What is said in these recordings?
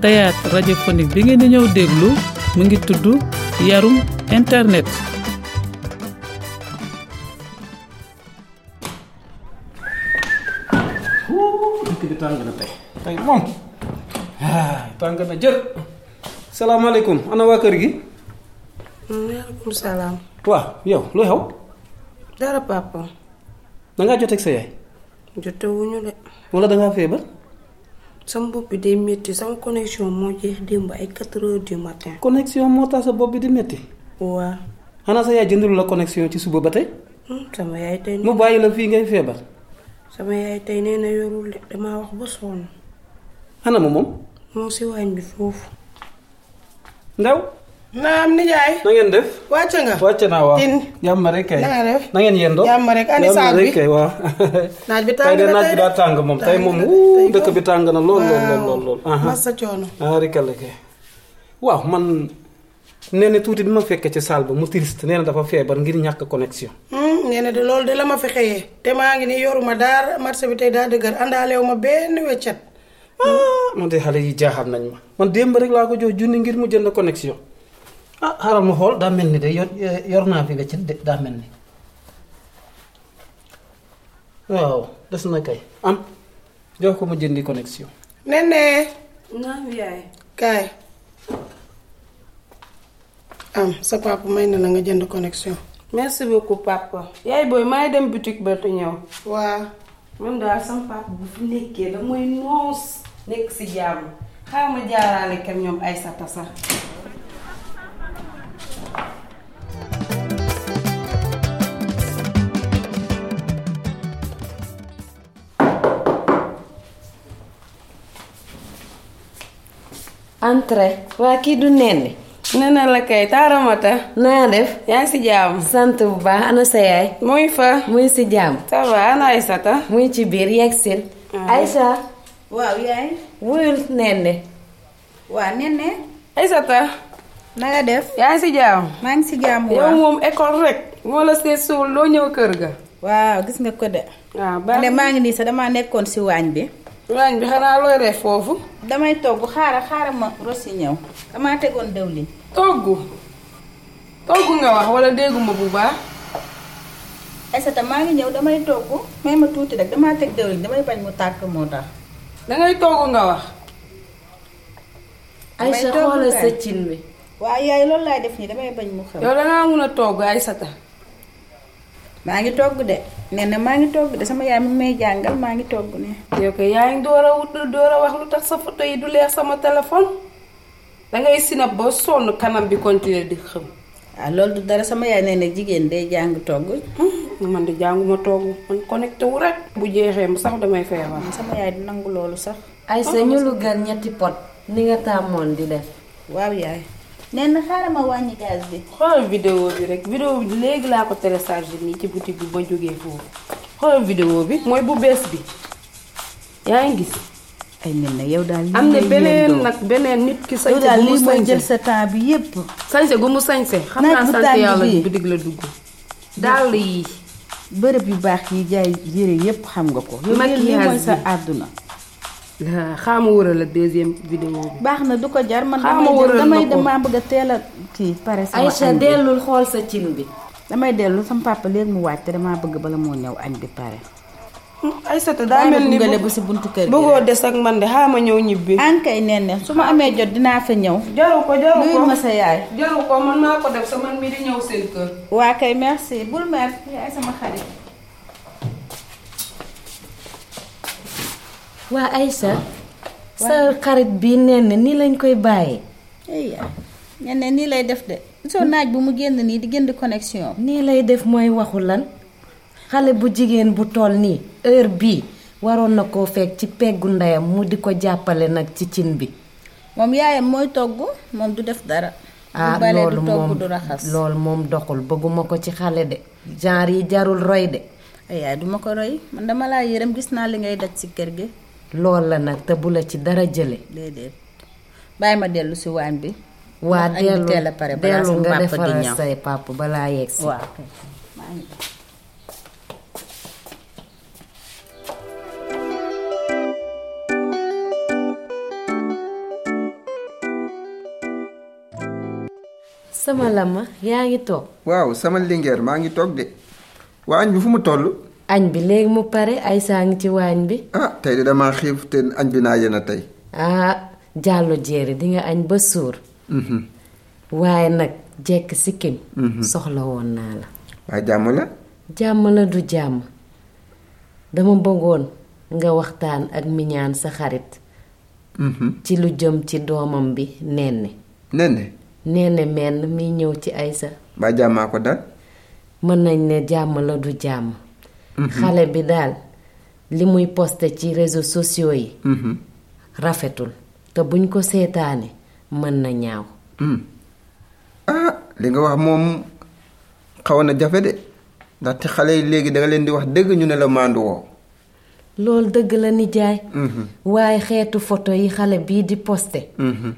théâtre radiophonique bi ngeen di ñëw déglu mu ngi tudd yarum internet dëkk bi moom ah, tàng na jër salaamaaleykum ana waa kër gi maaleykum salaam waaw yow lu xew dara papa dangaa jot ak sa yaay jotewuñu de walla dangaa feebar sama bopp bi day métti sama connexion moo jeex démb ay 4 heures du matin. connexion moo tax sa bopp bi di métti. waaw. xanaa sa yaay jëndul la connexion ci suba ba tey. Hmm, sama yaay tey. mu bàyyi la fii ngay feebar. sama yaay tey nee na yorul damaa wax ba sonn. ana ma moom. moom si waañ bi foofu. ndaw. naa am nijaay. na ngeen def. wàcc nga. wàcc naa waaw. in jàmm rek kay. ngeen yendoo. jàmm rek andi saag bi kay waaw. bi tàng na tey tàng moom tey moom dëkk bi tàng na lool lool lool lool. masa coono. arikala kay waaw man nee na tuuti bi ma fekkee ci saal ba mu triste nee na dafa feebar ngir ñàkk connexion. Hmm, nee na de loolu de la ma fi xëyee. te maa ngi nii yoruma daal marché bi tey daa dëgër àndaaleewu ma benn weccat. Ah, man de xale yi jaaxal nañ ma. man démb rek laa ko jox junni ngir mu jënd connexion. ah xaaral ma xool daa mel ni de yor naa fi weccet de daa mel ni waaw des na kay am jox ko ma jëndi connexion. may na la jënd connexion. merci beaucoup papa. yaay booy maay dem boutique ba te ñëw. waaw. man daal sama papa bu fi nekkee da noos. nekk si jàmm xaaral jaaraale kam ñoom ay sata sax. entrée. waa kii du nenni. nee na la kay taaramata. naa def. yaa si jàmm. sant bu baax ana sa yaay. muy fa. muy si jàmm. ça va ana Aysata. muy ci biir yegg si. Aysa. Ah. waaw yaay. wuyul nenni. waa nenni. Aysata. na nga def. yaa si jàmm. maa ngi si jàmm waaw moom école rek. moo la seet suul loo ñëw kër ga. waaw gis nga ko de. waaw ah, baax maa ngi nii sax damaa nekkoon si waañ bi. waañ bi xanaa looy def foofu. damay togg xaaral xaaral ma rosi ñëw damaa tegoon dëwlin. togg togg nga wax wala dégguma bu baax. Aïssata maa ngi ñëw damay togg may ma tuuti rek damaa teg dëwlin damay bañ mu tàkk moo tax. dangay togg nga wax. damay togg Aïssa sa cin bi. yaay loolu laay def nii damay bañ mu xew. yow dangaa mun a togg Aïssata maa ngi togg de nee na maa ngi togg de sama yaay mi may jàngal maa ngi togg ne yow yaa ngi door a wut door a wax lu tax sa photo yi du leer sama téléphone dangay sinap ba sonn kanam bi continuer di xëm waaw ah, loolu du dara sama yaay nee jigéen day jàng togg hmm, man di jànguma togg man connecté wu rek bu jeexee mu sax damay feebar ah, sama yaay du nangu loolu sax ay sa ñu lu gën ñetti pot ni nga tàmmoon di def waaw yaay nee na xaaral ma wàññi gaz bi. xoolal vidéo bi rek vidéo bi léegi laa ko téléchargé nii ci buti bi ma jógee foofu xoolal vidéo bi mooy bu bees bi yaa ngi gis. ay nen nag yow daal am na beneen nag beneen nit ki. sañse gu mu sañse bi yépp sañse gu mu sañse xam naa sañse yàlla bitig la dugg. dàll yi. bërëb yu baax yi jaay yére yépp xam nga ko. yow lii mooy sa àdduna. xaama wëral la deuxième vidéo bi. baax na du ko jar man. xaama wëral damay damaa bëgg a teel a kii pare. sama Aïcha dellul xool sa cin bi. damay dellu sama papa léegi mu wàcc te damaa bëgg bala moo ñëw añ di pare. Aïcha daa mel ni bu si buntu kër gi bëggoo des ak man de xaama ñëw ñibbi. ankay nee na su ma amee jot dinaa fa ñëw. jaru ko jaru ko ma sa yaay. ko man maa ko def sa man mi di ñëw seen kër. waa kay merci bul merci yaay sama xarit. waa Aïcha ah. sa xarit bi nee na nii lañ koy bàyyi nee nii lay def de soo naaj bu mu génn nii di génn connexion nii lay def mooy waxu lan xale bu jigéen bu toll nii heure bii waroon na koo fekk ci peggu ndeyam mu di ko jàppale nag ci cin bi moom yaayam mooy togg moom du def dara ah loolu moom moom doxul bëgguma ko ci xale de genre yi jarul roy de yaay duma ko roy man dama laa yërëm gis naa li ngay daj si kër gi lool la nag te bu la ci dara jële déedéet bàyyi ma dellu si waañ bi waa dellu dellu nga defaral say pàpp balaa yegg si waaw sama lama yaa ngi toog waaw sama lingeer maa ngi toog de waañ bi fu mu toll añ bi léegi mu pare ay saa ngi ci waañ bi. ah tey de damaa xiif te añ bi naa yéen tey. ah jàllu jéeri di añ ba suur. Mhm. waaye nag jekk sikkim. Mhm. soxla woon naa la. waaye jàmm la. jàmm la du jàmm dama bëggoon nga waxtaan ak miñaan sa xarit. Mhm. ci lu jëm ci doomam bi nenne. nenne. menn mi ñëw ci ay sa. jàmmaa ko dal. mën nañ ne jàmm la du jàmm. xale bi daal li muy poste ci réseaux sociaux yi mhm. rafetul te buñ ko seetaane mën na ñaaw mhm. ah, li nga wax moom xaw na jafe de ndaxte xale yi léegi danga leen di wax dëgg ñu ne la màndu woo loolu dëgg la nijaay mhm. waaye xeetu foto yi xale bii di poste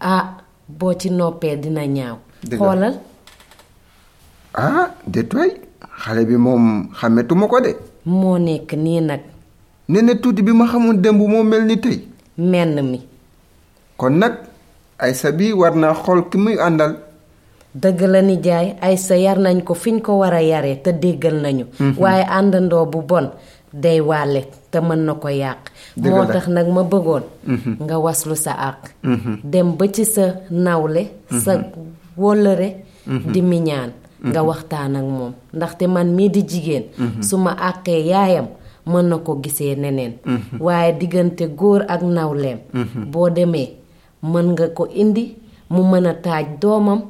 ah boo ci noppee dina ñaaw xoolal ah détoy xale bi moom xàmmetuma ko de moo nekk nii nag nene tuuti bi ma xamoon démb moo mel ni tey menn mi kon nag aysa bi war naa xool ki muy àndal dëgg la nijaay aysa yar nañ ko fiñ ko war a yare te déggal nañu mhm. waaye àndandoo bu bon day wàlle te mën na ko yàq moo tax nag ma bëggoon mhm. nga waslu sa àq mhm. dem ba ci sa nawle sa wóllëre di miñaan nga mhm. waxtaan ak moom ndaxte man mii di jigéen mhm. su ma àqee yaayam mën na ko gisee neneen mhm. waaye diggante góor ak nawleem boo demee mën nga ko indi mu mën a taaj doomam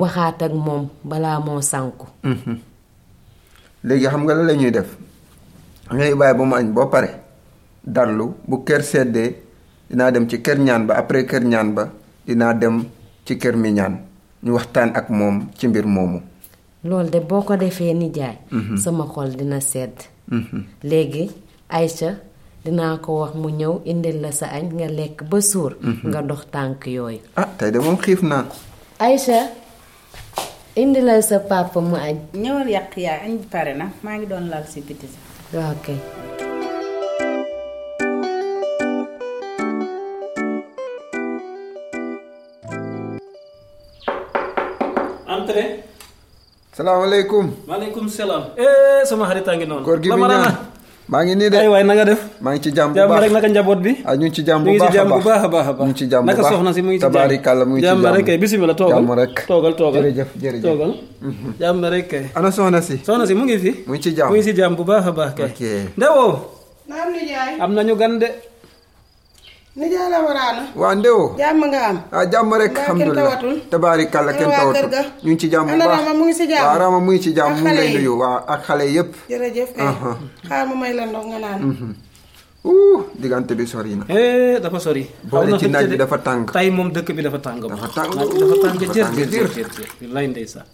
waxaat ak moom balaa moo sànku léegi xam nga la la ñuy def ngay bàyyi ba mu añ boo pare dallu bu kër seddee dinaa dem ci kër ñaan ba après kër ñaan ba dinaa dem ci kër mi ñaan ñu waxtaan ak moom ci mbir moomu loolu de boo ko defee nijaay mhm. sama xol dina sedd mhm. léegi Aïcha dinaa ko wax mu ñëw indil la sa añ nga lekk ba suur mhm. nga dox tànk yooyu ah tey de moom xiif naa Aïcha indi la sa papa mu añ ñëwal yàq yaay añ pare na maa ngi doon lal si biti sax waaw ah, kay entrez salaamaaleykum. maaleykum salaam. Eh, sama taa ngi noonu. góor gi bi ñaan maa ngi nii de. aywaay na nga def. maa ngi ci jàmm bu baax jàmm rek njaboot bi. ah ñu ngi ci jàmm bu baax a baax ñu ngi ci jàmm a baax naka soxna si mu ngi ci jàmm tabaarikàlla mu ngi ci jàmm jàmm rek kay toogal jàmm rek toogal toogal jërëjëf jërëjëf toogal. Mhm. rek kay. ana soxna si. soxna si mu ngi fi. mu ngi ci jàmm mu ngi ci jàmm bu baax a baax kay. ok am na ñu de. nijaay la waraana waa ndéwoo jàmm nga am waa ah, jàmm rek alhamdulilah tabaarikàlla eh, kenn tawatul ñu ngi ci jàmm bu baax mu ngi ci jàmm waa Rama mu ngi ci jàmm mu ngi lay nuyu waa ak xale yépp jërëjëf kay eh. uh-huh. xaar ma may la ndox nga naan Uh, diggante bi sori na. Eh, dafa sori. boole ci naaj bi dafa tàng. tey moom dëkk bi dafa tàng. dafa tàng dafa tàng jër jër jër wallaay ndeysaan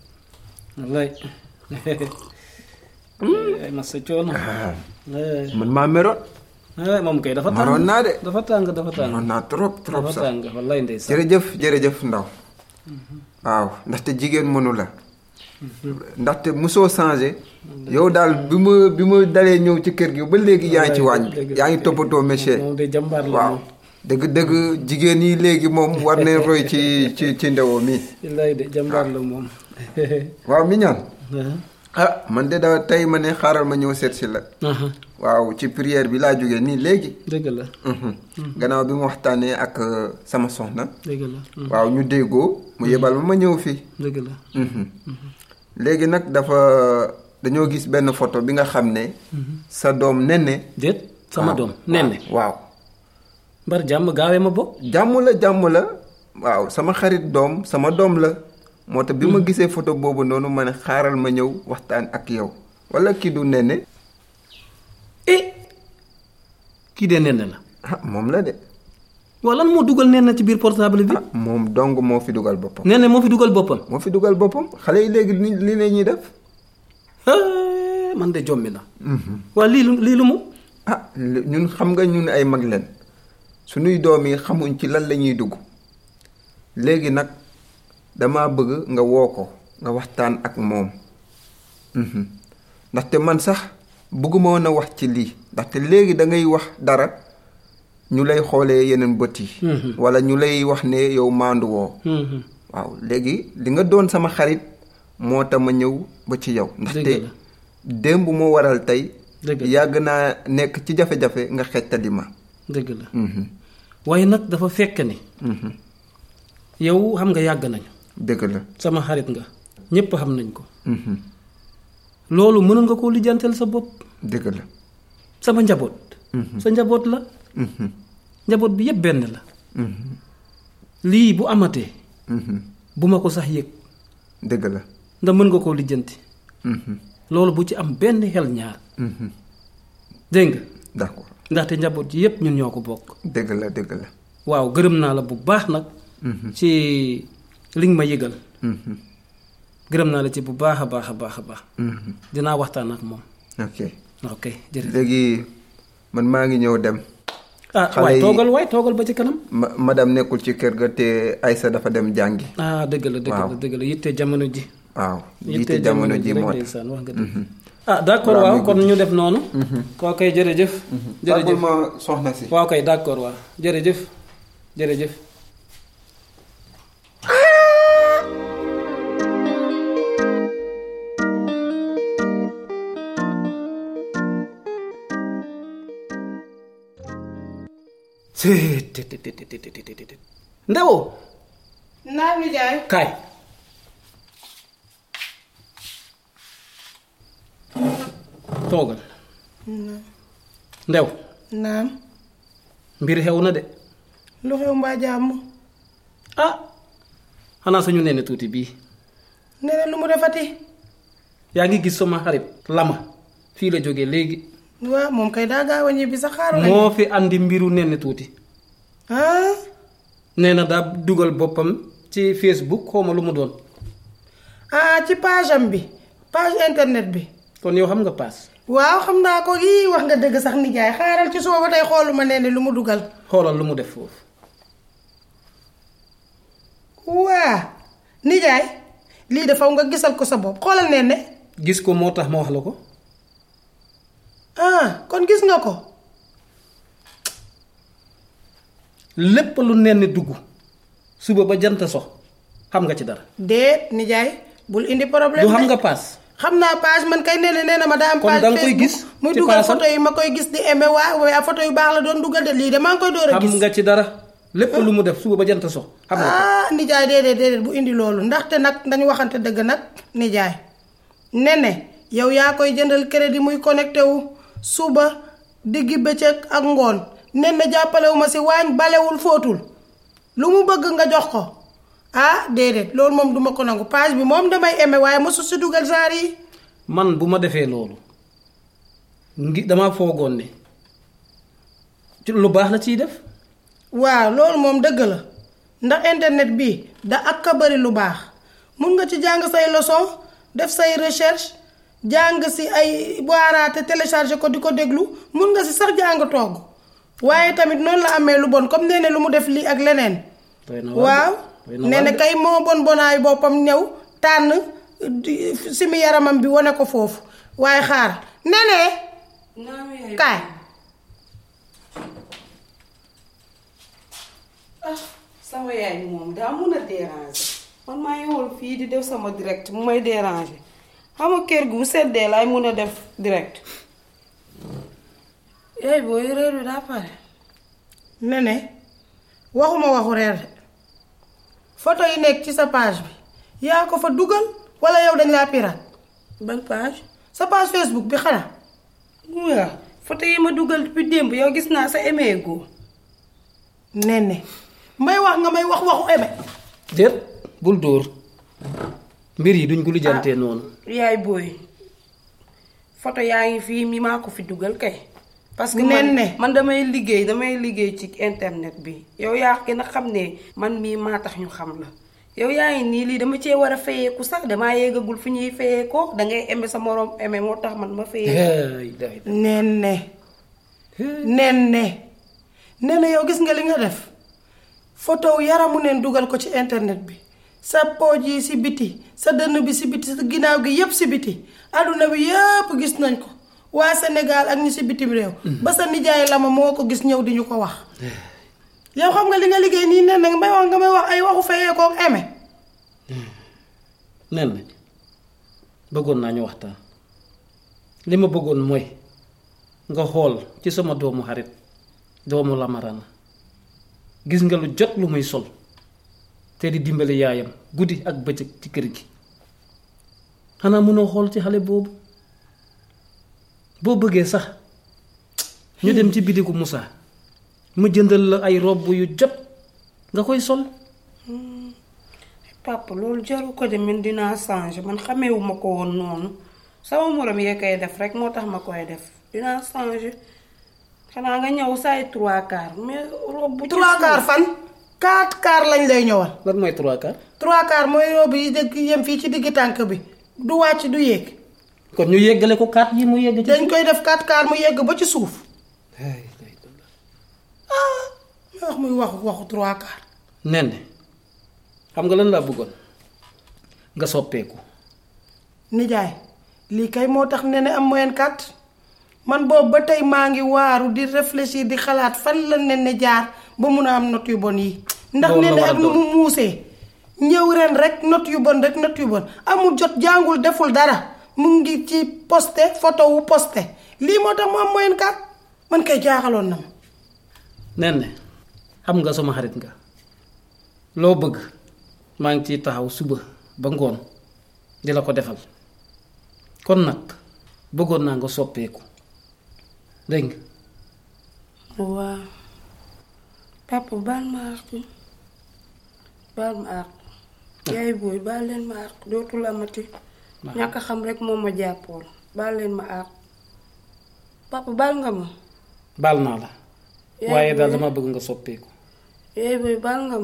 wallaay. Mm. ay ma sa coono. Ah. man maa meroon. moom kay dafa tàng maroon dafa tàng dafa tàng maroon naa trop trop sax dafa tàng jërëjëf jërëjëf ndaw mhm. waaw ndaxte jigéen mënu la. Mhm. ndaxte musoo changé. yow daal bi mu bi ma dalee ñëw ci kër gi ba léegi yaa ci waañ bi yaa ngi toppatoo monsieur. waaw dëgg dëgg jigéen yi léegi moom war nañ roy ci ci ci ndewoo mi. waaw waaw mi ñaan ah man de da tey ma ne xaaral ma ñëw seetsi la. waaw ci prière bi laa jógee nii léegi. dëgg la. Mhm. Mhm. gannaaw bi mu waxtaanee ak euh, sama soxna. dëgg la mhm. waaw ñu déggoo mu yebal ma ma ñëw fii. dëgg la. léegi nag dafa dañoo gis benn photo bi nga xam ne. sa doom nenne. déet sama ah, doom nenne waaw. mbar jàmm gaawee ma bokk. jàmm la jàmm la waaw sama xarit doom sama doom la. moo tax bi ma mhm. gisee photo boobu noonu ma ne xaaral ma ñëw waxtaan ak yow wala kii du nenne eh kii de nenne la ah moom la de waaw lan moo dugal nenne ci biir portable bi ah, moom dong moo fi dugal boppam nenne moo fi dugal boppam moo fi dugal boppam xale yi léegi li li la ñuy def eh, man de jommi na mhm. waa lii lii lu mu ah ñun xam nga ñu ne ay mag leen suñuy doom yi xamuñ ci lan la ñuy dugg léegi nag dama bëgg nga woo ko nga waxtaan ak moom mhm. ndaxte man sax bëgguma woon a wax ci lii ndaxte léegi da ngay wax dara ñu lay xoolee yeneen bët yi mhm. wala ñu lay wax ne yow maandu woo mhm. waaw léegi li nga doon sama xarit moo tax ma ñëw ba ci yow ndaxte démb moo waral tey yàgg naa nekk ci jafe-jafe nga xettali ma dëgg waaye nag dafa fekk ni yow xam nga yàgg nañu dëgg la sama xarit nga ñépp xam nañ ko. Mhm. loolu mënoon nga koo lijjanteel sa bopp. dëgg la sama njaboot. Mhm. sa njaboot la. Mhm. njaboot bi yépp benn la. lii bu amatee. bu ma ko sax yëg. dëgg la ndax mën nga koo lijjanti. loolu bu ci am benn xel ñaar. dégg nga. d'accord ndaxte njaboot ji yëpp ñun ñoo ko bokk. dëgg la dëgg la. waaw gërëm naa la bu baax nag. ci. li liñ ma yëgal. Mm-hmm. gërëm naa la ci bu baax a baax a baax a baax. Mm-hmm. dinaa waxtaan ak moom. ok ok jërëjëf léegi man maa ngi ñëw dem. ah waay toogal waay toogal ba ci kanam. ma madame nekkul ci kër ga te Aïssa dafa dem jàngi. ah dëgg la dëgg la dëgg la yitte jamono ji. waaw yitte jamono moo tax wax nga dëgg. Mm-hmm. ah kon ñu def noonu. koo koy jërëjëf. jërëjëf ma soxna si. waaw kay d'accord waaw jërëjëf jërëjëf. te te te te Ndabo. naam nijaay. kaay. toogal. naam. ndew. naam. mbir xew na de. lu xew mbaa jàmm. ah. xanaa suñu nee na tuuti bii. nee na lu mu defati. yaa ngi gis sama xarit lama fii la jógee léegi. waaw moom kay daa gaaw a ñibbi sa moo fi andi mbiru nenn tuuti. ah. na daa dugal boppam ci Facebook xaw ma lu mu doon. ah ci page bi paas internet bi. kon yow xam nga paas. waaw xam naa ko yii wax nga dëgg sax nijaay xaaral ci suba ba tey xooluma nenn lu mu dugal. xoolal lu mu def foofu. waa nijaay lii de faw nga gisal ko sa bopp xoolal nenn. gis ko moo tax ma wax la ko. ah kon gis nga ko lépp lu nen dugg suba ba janta sox xam nga ci dara. déet nijaay bul indi problème du xam nga paas. xam naa paas man kay nee na nee na ma daa am. page Facebook kon da nga gis muy dugal photo yi ma koy gis di aimé waa waaye photo yu baax la doon dugal de lii de maa ngi koy door a gis. nga ci dara. lépp lu mu def suba ba jant so. xam nga ah, nijaay déedéet déedéet bu indi loolu ndaxte nag dañu waxante dëgg nag nijaay. nene yow yaa koy jëndal crédit muy connecté wu suba diggi bëccëg ak ngoon nen na jàppalewu ma si waañ balewul fóotul lu mu bëgg nga jox ko ah déedéet loolu moom duma ko nangu page bi moom damay aimé waaye mosu si dugal genre yi man bu ma defee loolu ngi dama foogoon ni ci lu baax la ciy def waaw loolu moom dëgg la ndax internet bi da ak ka lu baax mun nga ci jàng say leçon def say recherche jàng si ay waaraate téléchargé ko di ko déglu mun nga si sax jàng togg waaye tamit noonu la amee lu bon comme nee lu mu def lii ak leneen. waaw nee kay moo bon bonaayu boppam ñëw tànn simi yaramam bi wane ko foofu waaye xaar nenee kaay. ah sama yaay maa ngi woon fii di def sama direct mu may déranger. xam kër gi bu seddee laay mun a def direct. eh booy reer bi daa pare. ne waxuma waxu reer de photo yi nekk ci sa page bi yaa ko fa dugal walla yow dañ laa pirate. ban page. sa page Facebook bi xanaa. waaw yi ma dugal depuis démb yow gis naa sa aimé go. ne may wax nga may wax waxu aimé. déet bul dóor. mbir yi duñ ko lijjantee ah, noonu. yaay booy photo yaa ngi fii mi maa ko fi dugal kay. parce que man man damay liggéey damay liggéey ci internet bi yow yaa gën a xam ne man mii maa tax ñu xam la yow yaa ngi nii lii dama cee war a fayeeku sax damaa yeggagul fi ñuy fayee ko da ngay eme sa moroom eme moo tax man ma fayee. nen ne nen ne nen yow gis nga li nga def photo yaramu neen dugal ko ci internet bi. sa pooj yi si biti sa dënn bi si biti sa ginnaaw gi yépp si biti àdduna bi yépp gis nañ ko waa senegaal ak ñi si bitim réew mm. ba sa nijaay lama moo ko gis ñëw di ñu ko wax eh. yow xam nga li nga liggéey nii nen na may wax nga may wax ay waxu fayee kook eme eh. nen nañ bëggoon naa ñu waxtaan li ma bëggoon mooy nga xool ci sama doomu xarit doomu lamarana gis nga lu jot lu muy sol te di dimbali yaayam guddi ak bëccëg ci kër gi xanaa mënoo xool ci xale boobu boo bëggee sax ñu dem ci bidiku Moussa mu jëndal la ay robb yu jot nga koy sol papa loolu jaru ko de dinaa changer man xamewuma ko woon noonu sama morom yee koy def rek moo tax ma koy def trois quarts mais trois quarts fan quatre quarts lañ lay ñëwal. lan mooy trois quarts. trois quarts mooy robe yi dëkk yem fii ci digg tànk bi du wàcc du yéeg. kon ñu yéggale ko quatre yi mu yégg ci. dañ koy def quatre quarts mu yégg ba ci suuf. ah ma wax muy waxu waxu trois quarts. nen xam nga lan laa bëggoon nga soppeeku. nijaay lii kay moo tax nene am moyen quatre man boobu ba tey maa ngi waaru di réfléchir di xalaat fan la nene jaar. ba mun a am not yu bon yi ndax nee na ak nu mu muusee ñëw ren rek not yu bon rek not yu bon amul jot jàngul deful dara mu ngi ci posté photo wu lii moo tax mu am moyen kat man kay jaaxaloon na ma nen ne xam nga sama xarit nga loo bëgg maa ngi ciy taxaw suba ba ngoon di la ko defal kon nag bëggoon naa nga soppeeku dégg nga papa baal ma àq ma àq yaay booy baal leen ma àq dootul amati ñàkk xam rek moom ma jàppool baal leen ma àq papa baal nga ma baal naa la waaye daal soppeeku yaay booy baal nga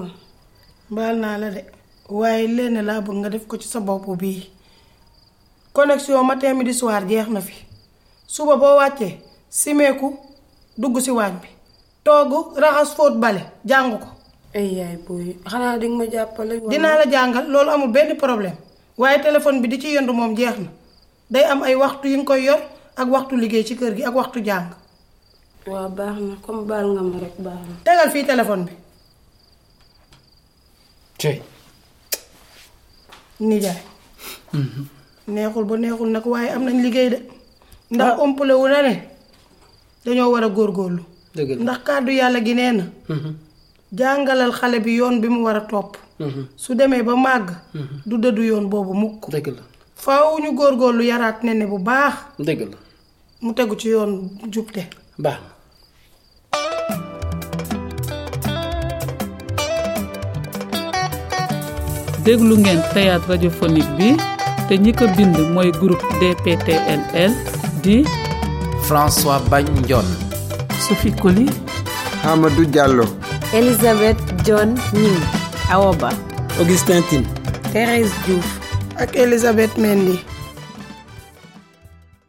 naa de waaye lenn laa bëgg nga def ko ci sa bopp bii connexion matin midi soir jeex na fi suba boo wàccee simeeku dugg si waañ bi toogu raxas fóot bale jàng ko. xanaa dinga ma jàppale. dinaa la jàngal loolu amul benn problème waaye téléphone bi di ci yondu moom jeex na day am ay waxtu yi nga koy yor ak waxtu liggéey ci kër gi ak waxtu jàng. waa baax na comme baal nga ma rek baax na. tegal fii téléphone bi. tey. nijaay. Mm-hmm. neexul ba neexul nag waaye am nañ liggéey de. ndax umpale ah. wu na ne dañoo war a góor góorlu ndax kàddu yàlla gi nee mhm. jàngalal xale bi yoon bi mu war a topp mhm. su demee ba màgg mhm. du dëddu yoon boobu mukk dëgg la faaw ñu lu yaraat nene bu baax dëgg mu tegu ci yoon jubte baax na déglu ngeen théâtre radiophonique bi te ñi ko bind mooy groupe DPTLL di François Bagnon Sophie li Hamadou Diallo Elisabeth John Ning Awoba Augustin Tine Thérèse Diouf ak Elisabeth Mendy